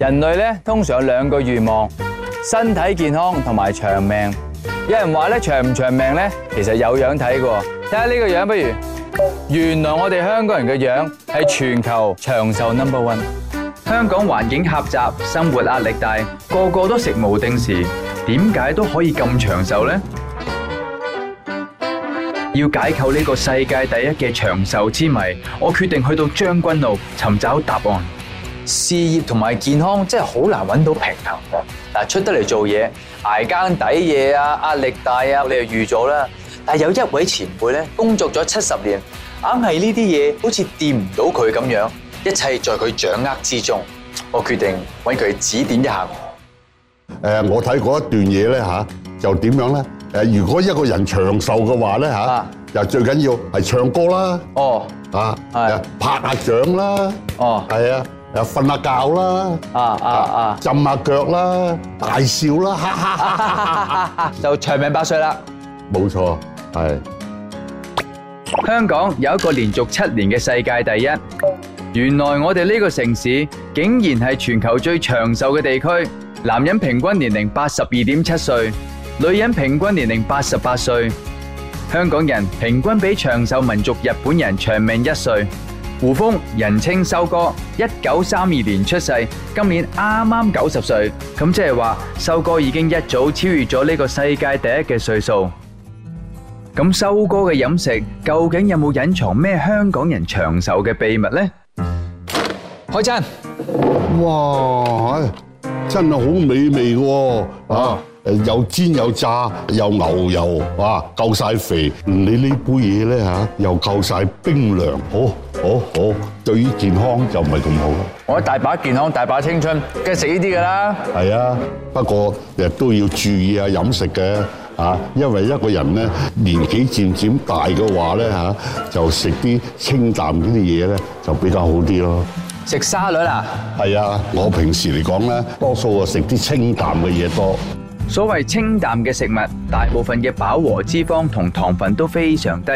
人類呢，通常有兩個願望：身體健康同埋長命。有人話呢，長唔長命呢？其實有樣睇嘅。睇下呢個樣，不如原來我哋香港人嘅樣係全球長壽 number one。香港環境狹窄，生活壓力大，個個都食無定時，點解都可以咁長壽呢？要解構呢個世界第一嘅長壽之謎，我決定去到將軍澳尋找答案。事業同埋健康真係好難揾到平衡嘅。嗱，出得嚟做嘢挨更抵嘢啊，壓力大啊，你就預咗啦。但係有一位前輩咧，工作咗七十年，硬係呢啲嘢好似掂唔到佢咁樣，一切在佢掌握之中。我決定揾佢指點一下我。誒、呃，我睇過一段嘢咧吓，就點樣咧？誒，如果一個人長壽嘅話咧吓，又最緊要係唱歌啦。哦。啊。係、啊。拍下掌啦。哦。係啊。又瞓下覺啦、啊，啊啊啊！浸下腳啦，啊、大笑啦，啊、哈哈哈哈哈！就長命百歲啦，冇錯，係。香港有一個連續七年嘅世界第一，原來我哋呢個城市竟然係全球最長壽嘅地區，男人平均年齡八十二點七歲，女人平均年齡八十八歲，香港人平均比長壽民族日本人長命一歲。胡楓，人稱修哥，一九三二年出世，今年啱啱九十歲，咁即係話修哥已經一早超越咗呢個世界第一嘅歲數。咁修哥嘅飲食究竟有冇隱藏咩香港人長壽嘅秘密呢？開餐，哇，真係好美味㗎喎啊！誒，又煎又炸又牛油，哇，夠晒肥。你呢杯嘢咧吓，又夠晒冰涼，好好好。對於健康就唔係咁好。我大把健康，大把青春，梗係食呢啲噶啦。係啊，不過日日都要注意下飲食嘅啊，因為一個人咧年紀漸漸大嘅話咧吓，就食啲清淡啲嘅嘢咧就比較好啲咯。食沙律啊？係啊，我平時嚟講咧，多數啊食啲清淡嘅嘢多。所謂清淡嘅食物，大部分嘅飽和脂肪同糖分都非常低。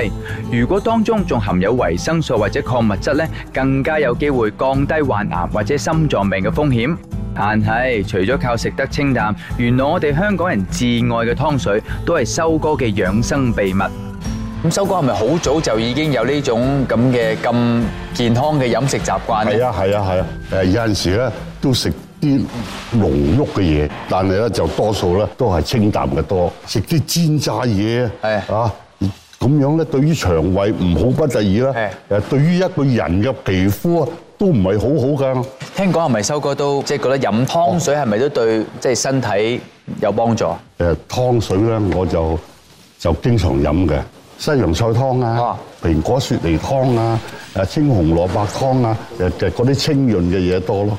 如果當中仲含有維生素或者礦物質咧，更加有機會降低患癌或者心臟病嘅風險。但係除咗靠食得清淡，原來我哋香港人至愛嘅湯水都係修哥嘅養生秘密。咁修哥係咪好早就已經有呢種咁嘅咁健康嘅飲食習慣咧？係啊係啊係啊，誒有陣時咧都食。啲濃郁嘅嘢，但係咧就多數咧都係清淡嘅多，食啲煎炸嘢的啊，咁樣咧對於腸胃唔好不滯啦。誒的、啊，對於一個人嘅皮膚都唔係好好噶。聽講係咪修哥都即係覺得飲湯水係咪都對即係、就是、身體有幫助？誒、啊，湯水咧我就就經常飲嘅，西洋菜湯啊，啊蘋果雪梨湯啊，誒青紅蘿蔔湯啊，誒誒嗰啲清潤嘅嘢多咯。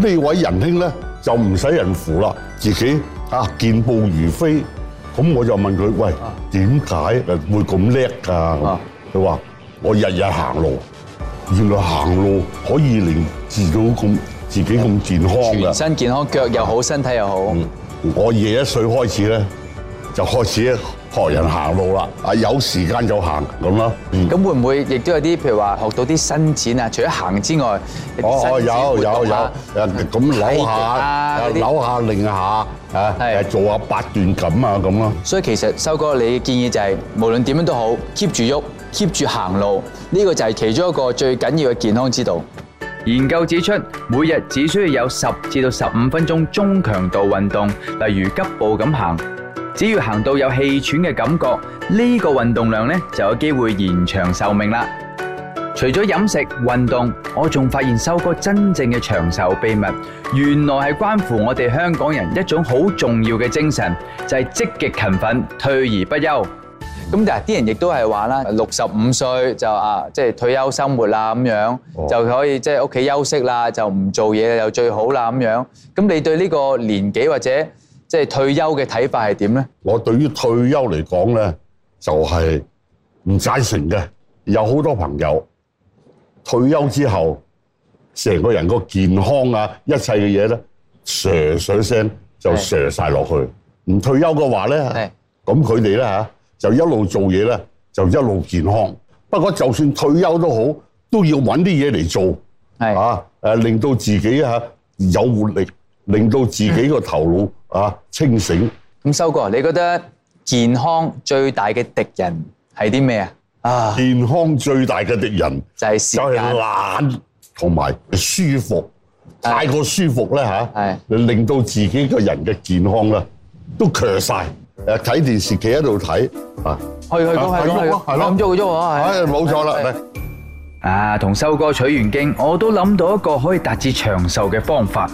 呢位仁兄咧就唔使人扶啦，自己啊健步如飛。咁我就問佢：喂，點解誒會咁叻㗎？佢話：我日日行路，原來行路可以令自己咁自己咁健康嘅。身健康，腳又好，身體又好。我廿一歲開始咧，就開始學人行路啦，啊有時間就行咁咯。咁、嗯、會唔會亦都有啲譬如話學到啲伸展啊？除咗行之外，有哦有有有，咁、嗯、扭下，扭下擰下，啊的做下八段錦啊咁咯。所以其實修哥你嘅建議就係、是、無論點樣都好，keep 住喐，keep 住行路，呢、這個就係其中一個最緊要嘅健康之道。研究指出，每日只需要有十至到十五分鐘中強度運動，例如急步咁行。只要行到有氣喘嘅感覺，呢個運動量呢就有機會延長壽命啦。除咗飲食、運動，我仲發現修哥真正嘅長壽秘密，原來係關乎我哋香港人一種好重要嘅精神，就係積極勤奮、退而不休。咁但係啲人亦都係話啦，六十五歲就啊，即係退休生活啦咁樣，就可以即係屋企休息啦，就唔做嘢就最好啦咁樣。咁你對呢個年紀或者？即係退休嘅睇法係點咧？我對於退休嚟講咧，就係唔贊成嘅。有好多朋友退休之後，成個人個健康啊，一切嘅嘢咧，蛇上聲就蛇晒落去。唔是退休嘅話咧，咁佢哋咧嚇就一路做嘢咧，就一路健康。不過就算退休都好，都要搵啲嘢嚟做是啊令到自己嚇、啊、有活力，令到自己個頭腦。 啊，清醒！咁修哥，你覺得健康最大嘅敵人係啲咩啊？啊，健康最大嘅敵人就係懶同埋舒服，太過舒服咧，你令到自己個人嘅健康都強晒。誒，睇電視企喺度睇啊，去去去去喐，係咯，咁喐佢喐係冇錯啦。啊，同修哥取完經，我都諗到一個可以達至長壽嘅方法。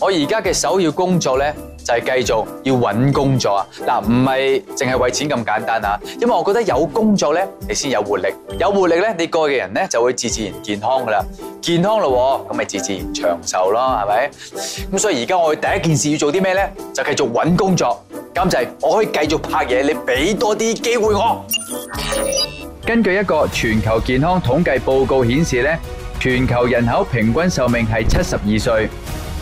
我而家嘅首要工作呢，就係繼續要搵工作啊！嗱，唔係淨係為錢咁簡單啊！因為我覺得有工作呢，你先有活力，有活力呢，你個嘅人呢，就會自自然健康噶啦，健康咯，咁咪自自然長壽咯，係咪？咁所以而家我第一件事要做啲咩呢？就繼續搵工作，咁就係我可以繼續拍嘢，你俾多啲機會我。根據一個全球健康統計報告顯示呢，全球人口平均壽命係七十二歲。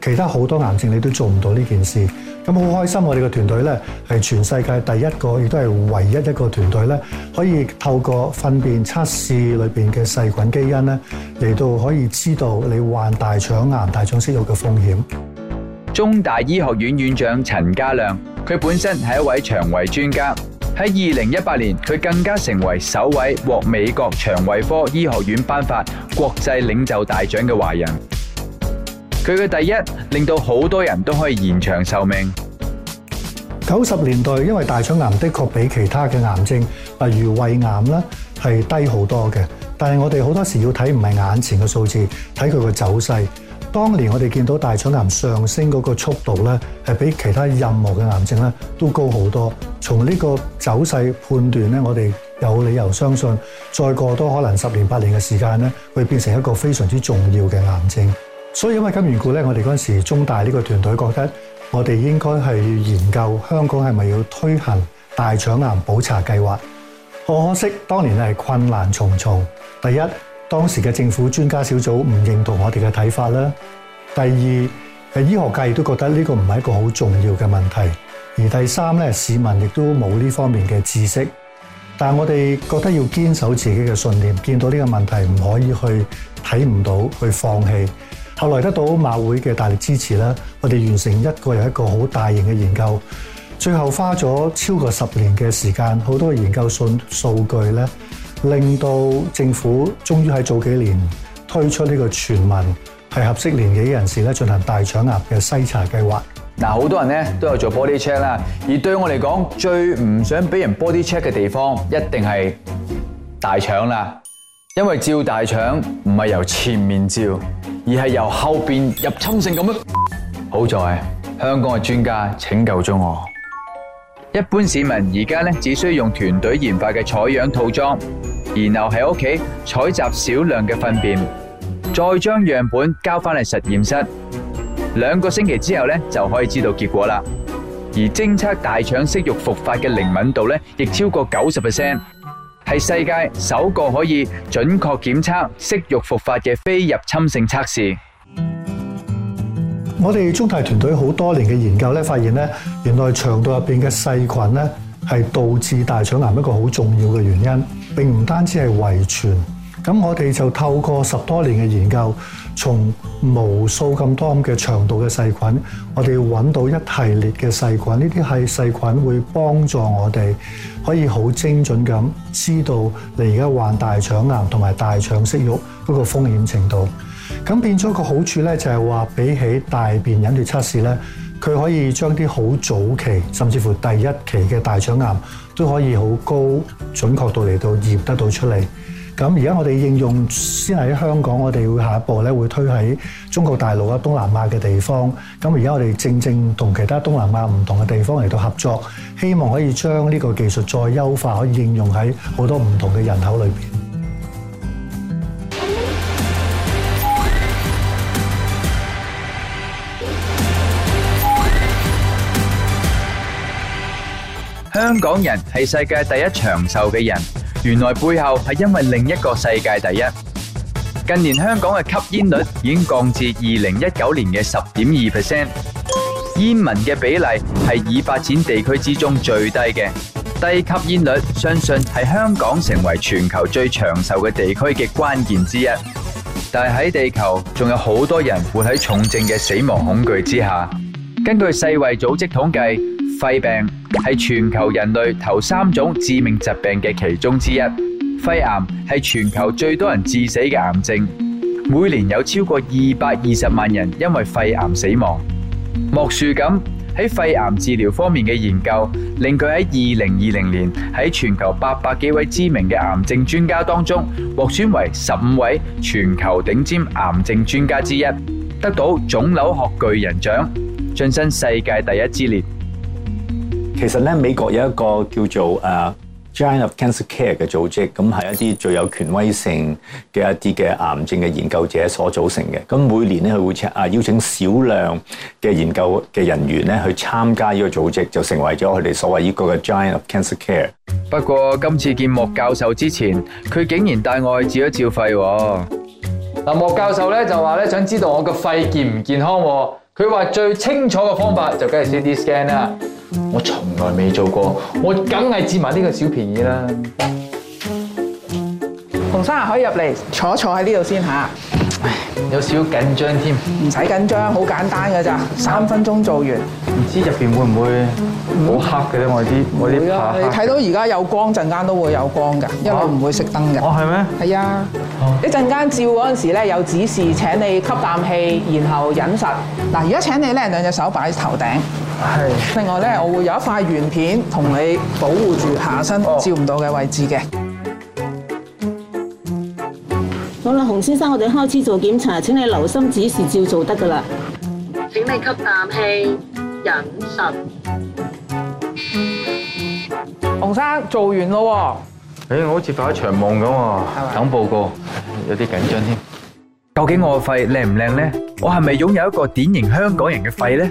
其他好多癌症你都做唔到呢件事，咁好開心！我哋嘅團隊咧，係全世界第一個亦都係唯一一個團隊咧，可以透過糞便測試裏邊嘅細菌基因咧，嚟到可以知道你患大腸癌、大腸息肉嘅風險。中大醫學院院長陳家亮，佢本身係一位腸胃專家，喺二零一八年佢更加成為首位獲美國腸胃科醫學院頒發國際領袖大獎嘅華人。佢嘅第一令到好多人都可以延長壽命。九十年代因為大腸癌的確比其他嘅癌症，例如胃癌啦，係低好多嘅。但係我哋好多時要睇唔係眼前嘅數字，睇佢嘅走勢。當年我哋見到大腸癌上升嗰個速度咧，係比其他任何嘅癌症咧都高好多。從呢個走勢判斷咧，我哋有理由相信，再過多可能十年八年嘅時間咧，會變成一個非常之重要嘅癌症。所以因為咁緣故咧，我哋嗰陣時中大呢個團隊覺得，我哋應該係研究香港係咪要推行大腸癌普查計劃。可可惜當年係困難重重。第一，當時嘅政府專家小組唔認同我哋嘅睇法啦。第二，誒醫學界亦都覺得呢個唔係一個好重要嘅問題。而第三咧，市民亦都冇呢方面嘅知識。但係我哋覺得要堅守自己嘅信念，見到呢個問題唔可以去睇唔到，去放棄。後來得到馬會嘅大力支持咧，我哋完成一個又一個好大型嘅研究，最後花咗超過十年嘅時間，好多嘅研究數數據咧，令到政府終於喺早幾年推出呢個全民係合適年紀嘅人士咧，進行大腸癌嘅篩查計劃。嗱，好多人咧都有做 body check 啦，而對我嚟講，最唔想俾人 body check 嘅地方一定係大腸啦，因為照大腸唔係由前面照。而係由後邊入侵性咁樣。好在香港嘅專家拯救咗我。一般市民而家咧只需要用團隊研發嘅採樣套裝，然後喺屋企採集少量嘅糞便，再將樣本交翻嚟實驗室。兩個星期之後咧就可以知道結果啦。而偵測大腸息肉復發嘅靈敏度咧，亦超過九十 percent。係世界首個可以準確檢測息肉復發嘅非入侵性測試。我哋中大團隊好多年嘅研究咧，發現咧，原來腸道入邊嘅細菌咧，係導致大腸癌一個好重要嘅原因，並唔單止係遺傳。咁我哋就透過十多年嘅研究。從無數咁多嘅腸道嘅細菌，我哋要揾到一系列嘅細菌，呢啲係細菌會幫助我哋可以好精準咁知道你而家患大腸癌同埋大腸息肉嗰個風險程度。咁變咗個好處咧，就係話比起大便隱血測試咧，佢可以將啲好早期甚至乎第一期嘅大腸癌都可以好高準確度嚟到驗得到出嚟。咁而家我哋應用先係喺香港，我哋會下一步咧會推喺中國大陸啊、東南亞嘅地方。咁而家我哋正正同其他東南亞唔同嘅地方嚟到合作，希望可以將呢個技術再優化，可以應用喺好多唔同嘅人口裏邊。香港人係世界第一長壽嘅人。原來背後係因為另一個世界第一。近年香港嘅吸煙率已經降至二零一九年嘅十點二 percent，煙民嘅比例係已發展地區之中最低嘅。低吸煙率相信係香港成為全球最長壽嘅地區嘅關鍵之一。但係喺地球仲有好多人活喺重症嘅死亡恐懼之下。根據世衛組織統計。肺病係全球人類頭三種致命疾病嘅其中之一，肺癌係全球最多人致死嘅癌症，每年有超過二百二十萬人因為肺癌死亡。莫樹錦喺肺癌治療方面嘅研究，令佢喺二零二零年喺全球八百幾位知名嘅癌症專家當中，獲選為十五位全球頂尖癌症專家之一，得到腫瘤學巨人獎，晉身世界第一之列。其實咧，美國有一個叫做誒 Giant of Cancer Care 嘅組織，咁係一啲最有權威性嘅一啲嘅癌症嘅研究者所組成嘅。咁每年咧，佢會請啊邀請少量嘅研究嘅人員咧去參加呢個組織，就成為咗佢哋所謂呢個嘅 Giant of Cancer Care。不過今次見莫教授之前，佢竟然帶我去照一照肺。嗱，莫教授咧就話咧，想知道我嘅肺健唔健康？佢話最清楚嘅方法就梗係 CT scan 啦。我從來未做過，我梗係佔埋呢個小便宜啦。洪生啊，可以入嚟坐坐喺呢度先吓。唉，有少緊張添。唔使緊張，好簡單噶咋，三分鐘做完。唔知入邊會唔會好黑嘅咧？我啲我啲怕。睇到而家有光，陣間都會有光嘅，一路唔會熄燈嘅。哦係咩？係啊，一陣間照嗰陣時咧有指示，請你吸啖氣，然後忍實。嗱，而家請你咧兩隻手擺喺頭頂。另外咧，我會有一塊圓片同你保護住下身照唔到嘅位置嘅。好啦，洪先生，我哋開始做檢查，請你留心指示照做得噶啦。請你吸啖氣，忍實。洪生，做完咯。誒，我好似發一場夢咁啊！等報告，有啲緊張添。究竟我個肺靚唔靚咧？我係咪擁有一個典型香港人嘅肺咧？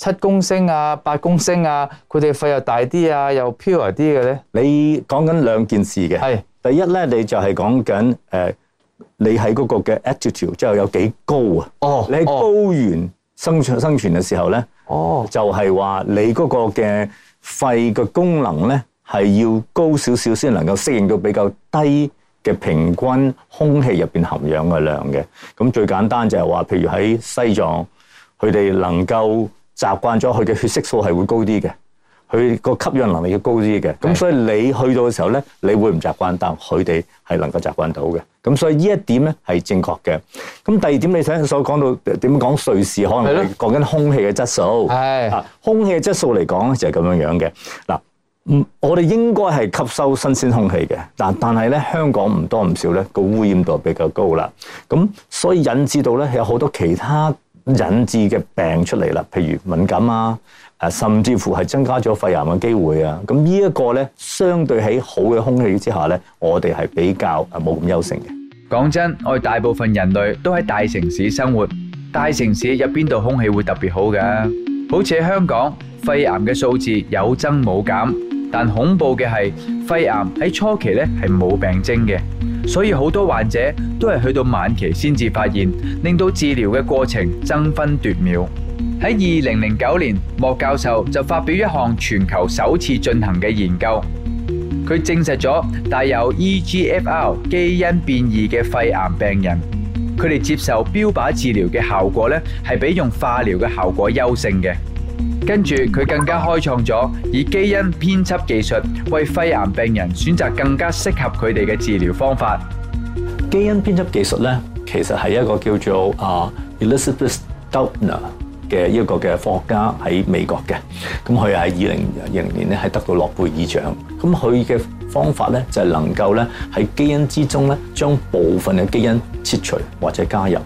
七公升啊，八公升啊，佢哋肺又大啲啊，又漂嚟啲嘅咧。你講緊兩件事嘅，係的第一咧，你就係講緊誒，你喺嗰個嘅 altitude 之後有幾高啊？哦，oh, 你喺高原生存生存嘅時候咧，哦，oh. 就係話你嗰個嘅肺嘅功能咧，係要高少少先能夠適應到比較低嘅平均空氣入邊含氧嘅量嘅。咁最簡單就係話，譬如喺西藏，佢哋能夠。習慣咗佢嘅血色素係會高啲嘅，佢個吸氧能力要高啲嘅，咁的所以你去到嘅時候咧，你會唔習慣，但佢哋係能夠習慣到嘅。咁所以呢一點咧係正確嘅。咁第二點你睇所講到點講瑞士可能係講緊空氣嘅質素，係啊的空氣嘅質素嚟講咧就係咁樣樣嘅。嗱，嗯，我哋應該係吸收新鮮空氣嘅，但但係咧香港唔多唔少咧個污染度比較高啦，咁所以引致到咧有好多其他。引致嘅病出嚟啦，譬如敏感啊，誒甚至乎係增加咗肺癌嘅機會啊。咁呢一個咧，相對喺好嘅空氣之下咧，我哋係比較誒冇咁優勝嘅。講真，我哋大部分人類都喺大城市生活，大城市入邊度空氣會特別好嘅？好似喺香港，肺癌嘅數字有增冇減，但恐怖嘅係肺癌喺初期咧係冇病徵嘅。所以好多患者都係去到晚期先至發現，令到治療嘅過程爭分奪秒。喺二零零九年，莫教授就發表一項全球首次進行嘅研究，佢證實咗帶有 EGFR 基因變異嘅肺癌病人，佢哋接受標靶治療嘅效果咧係比用化療嘅效果優勝嘅。跟住佢更加開創咗以基因編輯技術為肺癌病人選擇更加適合佢哋嘅治療方法。基因編輯技術咧，其實係一個叫做啊 Elizabeth Dutner 嘅一個嘅科學家喺美國嘅。咁佢又喺二零二零年咧係得到諾貝爾獎。咁佢嘅方法咧就係能夠咧喺基因之中咧將部分嘅基因切除或者加入。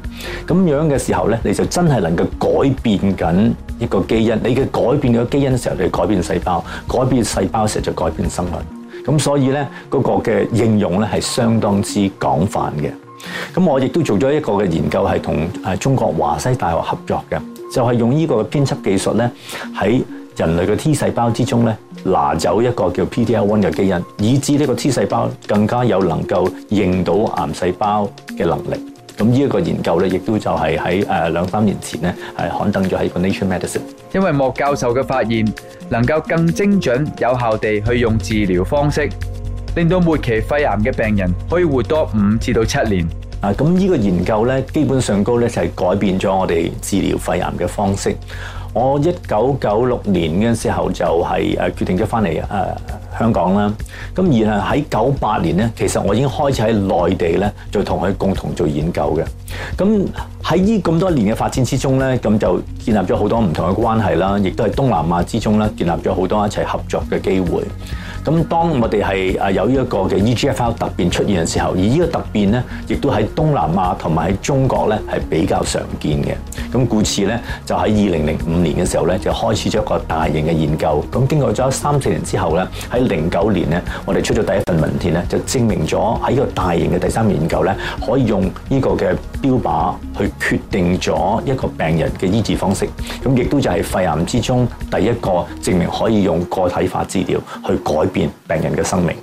咁樣嘅時候咧，你就真係能夠改變緊。一個基因，你嘅改變個基因嘅時候，你改變細胞；改變細胞嘅時候，就改變生命。咁所以呢，嗰個嘅應用呢係相當之廣泛嘅。咁我亦都做咗一個嘅研究，係同誒中國華西大學合作嘅，就係、是、用呢個編輯技術呢，喺人類嘅 T 細胞之中呢，拿走一個叫 PDL1 嘅基因，以至呢個 T 細胞更加有能夠認到癌細胞嘅能力。咁呢一個研究咧，亦都就係喺誒兩三年前咧，係刊登咗喺個《Nature Medicine》。因為莫教授嘅發現，能夠更精準、有效地去用治療方式，令到末期肺癌嘅病人可以活多五至到七年。啊，咁呢個研究咧，基本上講咧就係改變咗我哋治療肺癌嘅方式。我一九九六年嗰陣時候就係誒決定咗翻嚟誒。香港啦，咁然後喺九八年咧，其實我已經開始喺內地咧，就同佢共同做研究嘅。咁喺呢咁多年嘅發展之中咧，咁就建立咗好多唔同嘅關係啦，亦都係東南亞之中咧，建立咗好多一齊合作嘅機會。咁當我哋係有呢一個嘅、e、EGFR 突變出現嘅時候，而呢個突變咧，亦都喺東南亞同埋喺中國咧係比較常見嘅。咁故此咧，就喺二零零五年嘅時候咧，就開始咗一個大型嘅研究。咁經過咗三四年之後咧，喺零九年咧，我哋出咗第一份文件咧，就證明咗喺呢個大型嘅第三個研究咧，可以用呢個嘅標靶去決定咗一個病人嘅醫治方式。咁亦都就係肺癌之中第一個證明可以用個體化治療去改。病人嘅生命。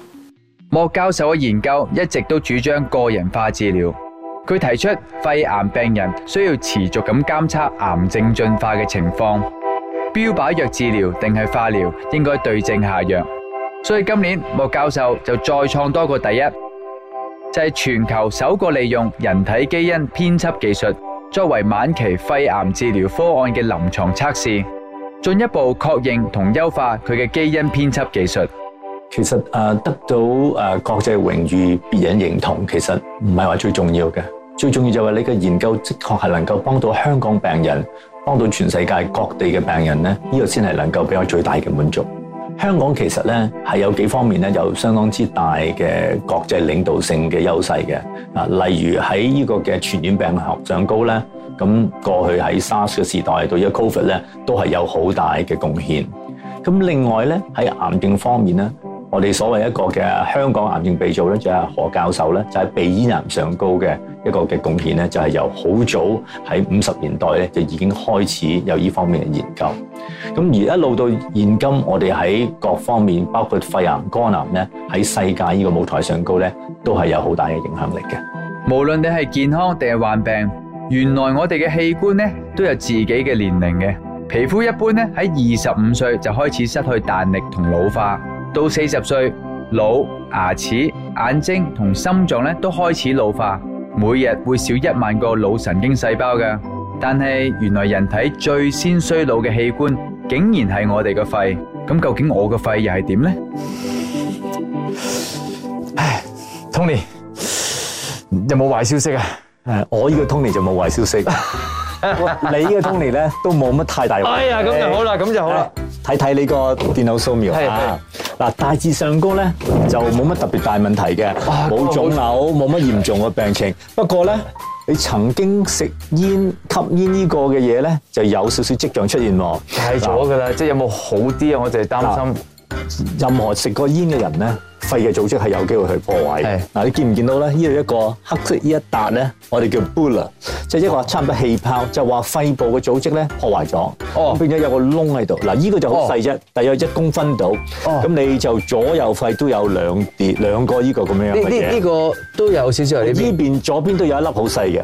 莫教授嘅研究一直都主張個人化治療。佢提出肺癌病人需要持續咁監測癌症進化嘅情況，標靶藥治療定係化療應該對症下藥。所以今年莫教授就再創多個第一，就係全球首個利用人體基因編輯技術作為晚期肺癌治療方案嘅臨床測試，進一步確認同優化佢嘅基因編輯技術。其實誒得到誒國際榮譽，別人認同，其實唔係話最重要嘅，最重要就係你嘅研究的確係能夠幫到香港病人，幫到全世界各地嘅病人咧，呢個先係能夠俾我最大嘅滿足。香港其實咧係有幾方面咧，有相當之大嘅國際領導性嘅優勢嘅，啊，例如喺呢個嘅傳染病學上高咧，咁過去喺 SARS 嘅時代對於 COVID 咧，都係有好大嘅貢獻。咁另外咧喺癌症方面咧。我哋所謂一個嘅香港癌症鼻祖咧，就係何教授咧，就係鼻咽癌上高嘅一個嘅貢獻咧，就係由好早喺五十年代咧就已經開始有呢方面嘅研究。咁而一路到現今，我哋喺各方面，包括肺癌、肝癌咧，喺世界呢個舞台上高咧，都係有好大嘅影響力嘅。無論你係健康定係患病，原來我哋嘅器官咧都有自己嘅年齡嘅。皮膚一般咧喺二十五歲就開始失去彈力同老化。到四十歲，腦、牙齒、眼睛同心臟咧都開始老化，每日會少一萬個腦神經細胞嘅。但係原來人體最先衰老嘅器官，竟然係我哋嘅肺。咁究竟我嘅肺又係點咧？唉，Tony，有冇壞消息啊？誒，我呢個 Tony 就冇壞消息。你呢個 Tony 咧都冇乜太大問題。哎呀，咁就好啦，咁就好啦。睇睇你個電腦掃描啊。嗱，大致上高咧就冇乜特別大問題嘅，冇腫瘤，冇乜嚴重嘅病情。不過咧，你曾經食煙、吸煙呢個嘅嘢咧，就有少少跡象出現喎。戒咗噶啦，即係有冇好啲啊？我哋淨係擔心任何食過煙嘅人咧。肺嘅組織係有機會去破壞。嗱是、啊，你見唔見到咧？呢度一個黑色一呢一笪咧，我哋叫 bulla 即係一個差唔多氣泡，就話肺部嘅組織咧破壞咗，哦、變咗有個窿喺度。嗱、啊，依、呢個就好細啫，大約一公分度。咁、哦、你就左右肺都有兩疊兩個依個咁樣嘅嘢呢呢、呢個都有少少。呢邊左邊都有一粒好細嘅。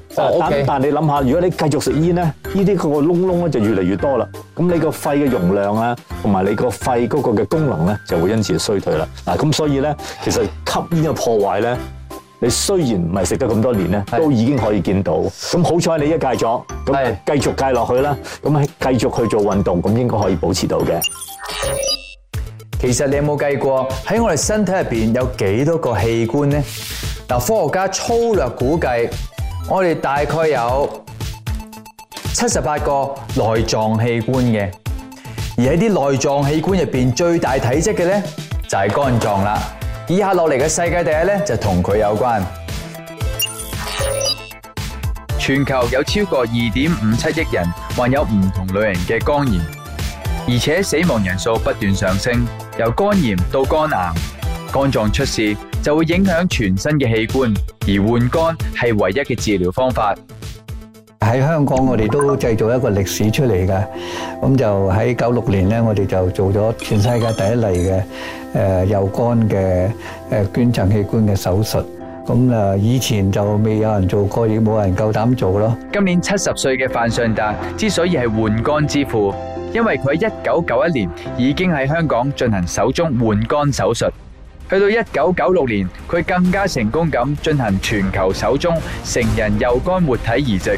但你諗下，如果你繼續食煙咧，呢啲個窿窿咧就越嚟越多啦。咁你個肺嘅容量啊，同埋你個肺嗰個嘅功能咧，就會因此衰退啦。嗱、啊，咁所以咧。其實吸煙嘅破壞咧，你雖然唔係食得咁多年咧，是的 都已經可以見到。咁好彩你一戒咗，咁繼續戒落去啦，咁啊繼續去做運動，咁應該可以保持到嘅。其實你有冇計過喺我哋身體入邊有幾多個器官咧？嗱，科學家粗略估計，我哋大概有七十八個內臟器官嘅，而喺啲內臟器官入邊最大體積嘅咧就係、是、肝臟啦。以下落嚟嘅世界第一呢，就同佢有關。全球有超過二點五七億人患有唔同類型嘅肝炎，而且死亡人數不斷上升。由肝炎到肝癌，肝臟出事就會影響全身嘅器官，而換肝係唯一嘅治療方法。喺香港，我哋都製造一個歷史出嚟㗎。咁就喺九六年呢，我哋就做咗全世界第一例嘅誒右肝嘅誒捐贈器官嘅手術。咁啊，以前就未有人做過，亦冇人夠膽做咯。今年七十歲嘅范上達之所以係換肝之父，因為佢一九九一年已經喺香港進行首宗換肝手術，去到一九九六年，佢更加成功咁進行全球首宗成人右肝活體移植。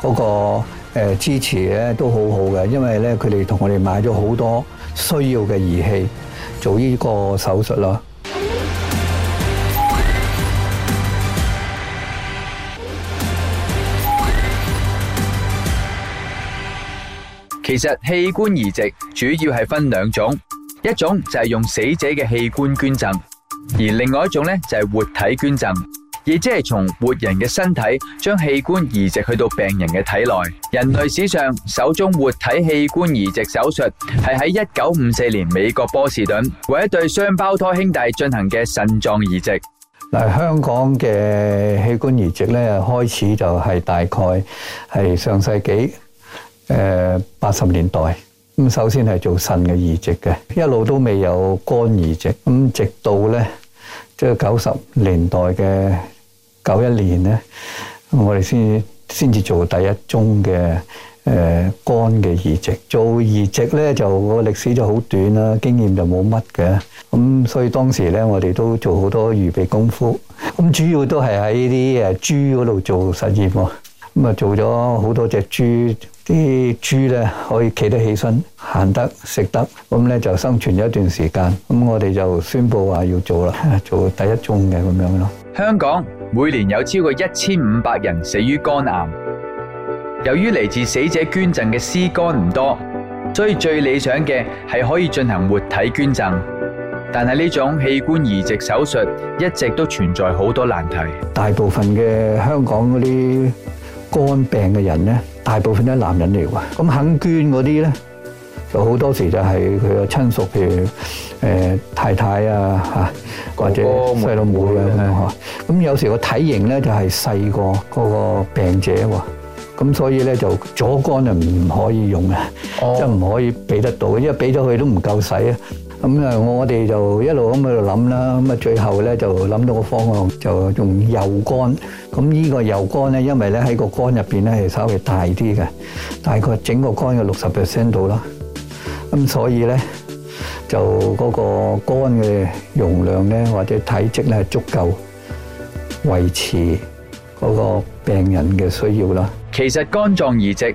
嗰個誒支持咧都好好嘅，因為咧佢哋同我哋買咗好多需要嘅儀器做呢個手術啦。其實器官移植主要係分兩種，一種就係用死者嘅器官捐贈，而另外一種咧就係活體捐贈。亦即係從活人嘅身體將器官移植去到病人嘅體內。人類史上首宗活體器官移植手術係喺一九五四年美國波士頓為一對雙胞胎兄弟進行嘅腎臟移植。嗱，香港嘅器官移植咧，開始就係大概係上世紀誒八十年代咁，首先係做腎嘅移植嘅，一路都未有肝移植咁，直到咧。即係九十年代嘅九一年咧，我哋先先至做第一宗嘅誒肝嘅移植。做移植咧就個歷史就好短啦，經驗就冇乜嘅。咁所以當時咧，我哋都做好多預備功夫。咁主要都係喺啲誒豬嗰度做實驗喎。咁啊做咗好多隻豬，啲豬咧可以企得起身，行得食得，咁咧就生存咗一段時間。咁我哋就宣布話要做啦，做第一種嘅咁樣咯。香港每年有超過一千五百人死於肝癌，由於嚟自死者捐贈嘅屍肝唔多，所以最理想嘅係可以進行活體捐贈，但係呢種器官移植手術一直都存在好多難題。大部分嘅香港嗰啲肝病嘅人咧。大部分都係男人嚟嘅，咁肯捐嗰啲咧，就好多時就係佢個親屬，譬如誒太太啊嚇，哥哥或者細佬妹咁樣嚇。咁有時個體型咧就係細過嗰個病者喎，咁所以咧就左肝就唔可以用嘅，即係唔可以俾得到，因為俾咗佢都唔夠使啊。咁啊，我我哋就一路咁喺度諗啦，咁啊最後咧就諗到個方案，就用右肝。咁呢個右肝咧，因為咧喺個肝入邊咧係稍微大啲嘅，大概整個肝嘅六十 percent 度啦。咁所以咧，就嗰個肝嘅容量咧或者體積咧係足夠維持嗰個病人嘅需要啦。其實肝臟移植。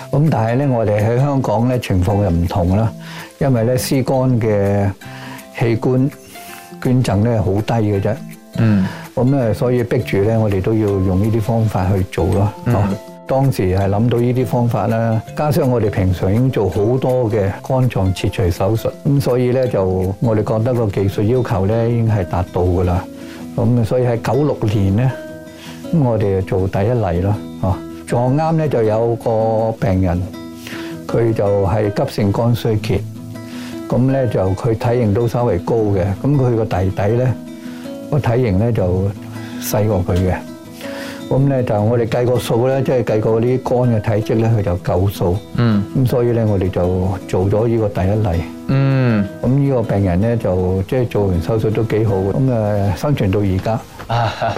咁但係咧，我哋喺香港咧情況又唔同啦，因為咧屍肝嘅器官捐贈咧好低嘅啫。嗯。咁啊，所以逼住咧，我哋都要用呢啲方法去做咯。哦。當時係諗到呢啲方法啦，加上我哋平常已經做好多嘅肝臟切除手術，咁所以咧就我哋覺得個技術要求咧已經係達到噶啦。咁啊，所以喺九六年咧，咁我哋就做第一例咯。撞啱咧就有個病人，佢就係急性肝衰竭，咁咧就佢體型都稍微高嘅，咁佢個弟弟咧個體型咧就細過佢嘅，咁咧就我哋計個數咧，即係計過啲肝嘅體積咧，佢就夠數，嗯，咁所以咧我哋就做咗呢個第一例，嗯，咁呢個病人咧就即係做完手術都幾好的，咁誒生存到而家。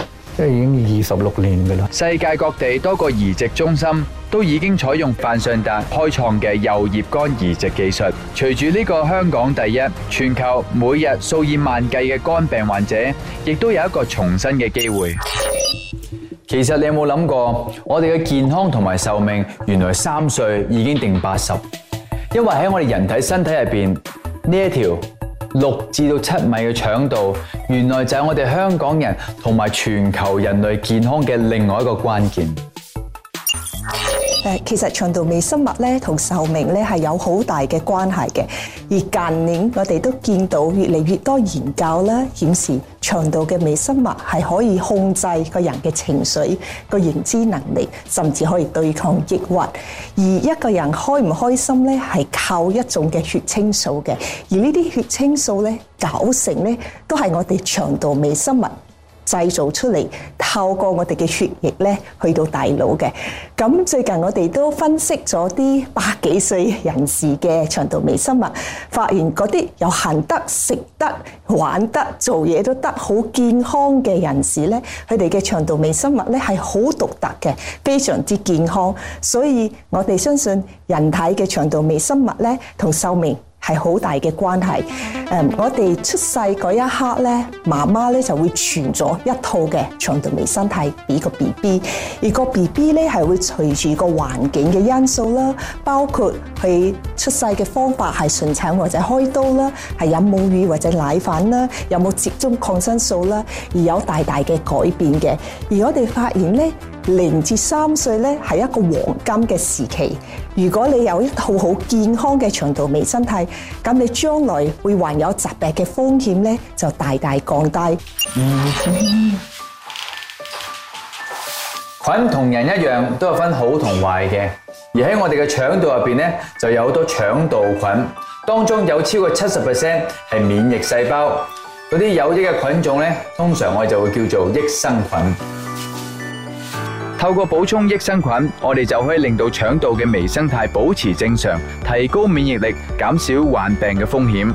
即係已經二十六年嘅啦。世界各地多個移植中心都已經採用范上達開創嘅右葉肝移植技術。隨住呢個香港第一，全球每日數以萬計嘅肝病患者，亦都有一個重新嘅機會。其實你有冇諗過，我哋嘅健康同埋壽命，原來三歲已經定八十，因為喺我哋人體身體入邊呢一條。六至到七米嘅腸道，原來就係我哋香港人同埋全球人類健康嘅另外一個關鍵。誒，其實腸道微生物咧同壽命咧係有好大嘅關係嘅，而近年我哋都見到越嚟越多研究啦，顯示腸道嘅微生物係可以控制個人嘅情緒、個認知能力，甚至可以對抗抑鬱。而一個人開唔開心咧，係靠一種嘅血清素嘅，而呢啲血清素咧，九成咧都係我哋腸道微生物。製造出嚟，透過我哋嘅血液咧，去到大腦嘅。咁最近我哋都分析咗啲百幾歲人士嘅腸道微生物，發現嗰啲有行得食得玩得做嘢都得好健康嘅人士咧，佢哋嘅腸道微生物咧係好獨特嘅，非常之健康。所以我哋相信人體嘅腸道微生物咧，同壽命，係好大嘅關係，誒，我哋出世嗰一刻咧，媽媽咧就會傳咗一套嘅腸道微生態俾個 B B，而個 B B 咧係會隨住個環境嘅因素啦，包括佢出世嘅方法係順產或者開刀啦，係飲母乳或者奶粉啦，有冇接種抗生素啦，而有大大嘅改變嘅。而我哋發現咧。零至三歲咧係一個黃金嘅時期，如果你有一套好健康嘅腸道微生態，咁你將來會患有疾病嘅風險咧就大大降低。嗯，嗯，菌同人一樣都有分好同壞嘅，而喺我哋嘅腸道入邊咧就有好多腸道菌，當中有超過七十 percent 係免疫細胞，嗰啲有益嘅菌種咧通常我哋就會叫做益生菌。透過補充益生菌，我哋就可以令到腸道嘅微生態保持正常，提高免疫力，減少患病嘅風險。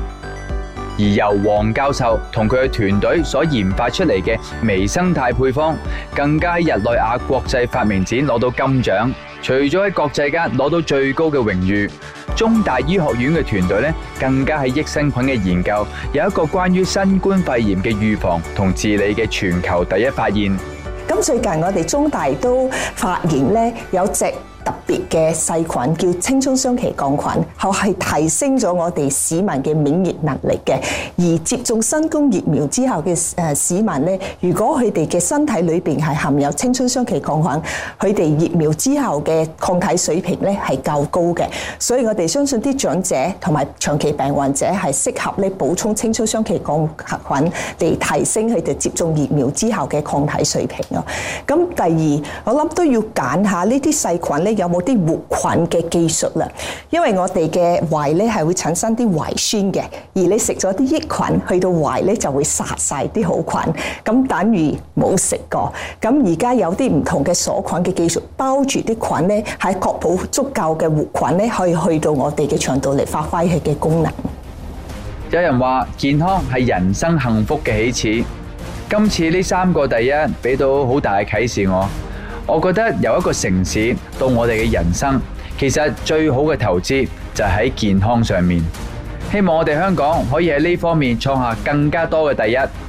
而由黃教授同佢嘅團隊所研發出嚟嘅微生態配方，更加喺日內瓦國際發明展攞到金獎，除咗喺國際間攞到最高嘅榮譽，中大醫學院嘅團隊咧，更加喺益生菌嘅研究有一個關於新冠肺炎嘅預防同治理嘅全球第一發現。最近我哋中大都發現呢有隻。特別嘅細菌叫青春雙歧桿菌，就係提升咗我哋市民嘅免疫能力嘅。而接種新冠疫苗之後嘅誒、呃、市民咧，如果佢哋嘅身體裏邊係含有青春雙歧桿菌，佢哋疫苗之後嘅抗體水平咧，係較高嘅。所以我哋相信啲長者同埋長期病患者係適合咧，補充青春雙歧桿菌，嚟提升佢哋接種疫苗之後嘅抗體水平咯。咁第二，我諗都要揀下細呢啲細菌咧。有冇啲活菌嘅技術啦？因為我哋嘅胃咧係會產生啲胃酸嘅，而你食咗啲益菌去到胃咧就會殺晒啲好菌，咁等於冇食過。咁而家有啲唔同嘅鎖菌嘅技術，包住啲菌咧，係確保足夠嘅活菌咧，可以去到我哋嘅腸道嚟發揮佢嘅功能。有人話健康係人生幸福嘅起始。今次呢三個第一俾到好大嘅啟示我。我覺得由一個城市到我哋嘅人生，其實最好嘅投資就喺健康上面。希望我哋香港可以喺呢方面創下更加多嘅第一。